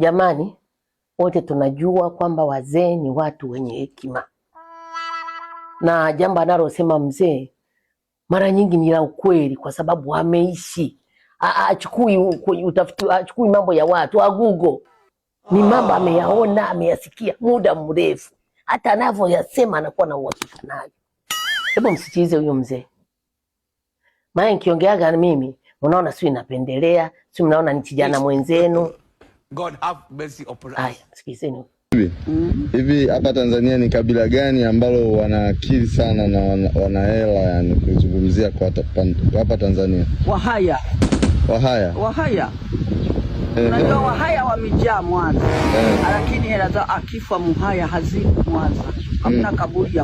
Jamani, wote tunajua kwamba wazee ni watu wenye hekima, na jambo analosema mzee mara nyingi ni la ukweli, kwa sababu ameishi. Achukui utafiti, achukui mambo ya watu Google, ni mambo ameyaona, ameyasikia muda mrefu, hata anavyoyasema anakuwa na uhakika nayo. Hebu msikize huyo mzee, maana nikiongeaga mimi mnaona si napendelea, si mnaona ni kijana mwenzenu God have mercy upon us. hivi hapa Tanzania ni kabila gani ambalo wanaakili sana na wanahela wana yani kuzungumzia kwa hapa Tanzania? Wahaya. Wahaya. Wahaya. Eh. Unajua Wahaya wamejaa Mwanza eh, lakini hela za akifa Muhaya hazipo Mwanza, hamna mm. kaburi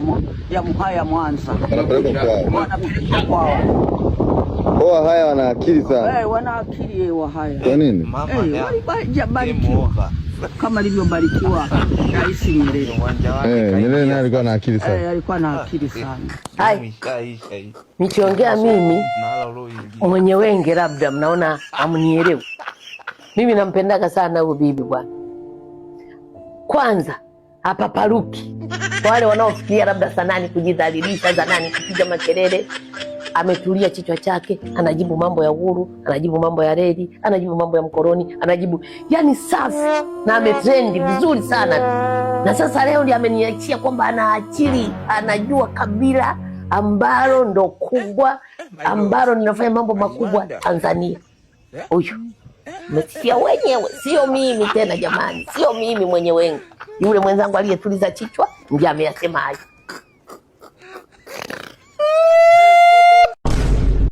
ya Muhaya Mwanza, wanapelekwa kwao. Oh, Wahaya wana akili sana. Eh, wana akili Wahaya. Kwa nini? Mama eh, walibarikiwa kama alivyobarikiwa Rais Nyerere. Eh, Nyerere naye alikuwa na akili sana. Eh, alikuwa na akili sana. Nikiongea mimi mwenye wengi labda mnaona amnielewi. Mimi nampendaga sana huyo bibi bwana. Kwanza hapaparuki. Wale wanaofikia labda sanani kujidhalilisha, sanani kupiga makelele ametulia kichwa chake, anajibu mambo ya uhuru, anajibu mambo ya reli, anajibu mambo ya mkoroni, anajibu yani safi na ametrendi vizuri sana. Na sasa leo ndi ameniachia kwamba anaachili, anajua kabila ambalo ndo kubwa ambalo ninafanya mambo makubwa Tanzania. Huyu mesikia wenyewe, sio mimi tena jamani, sio mimi mwenye wengi. Yule mwenzangu aliyetuliza kichwa ndiye ameyasema hayo.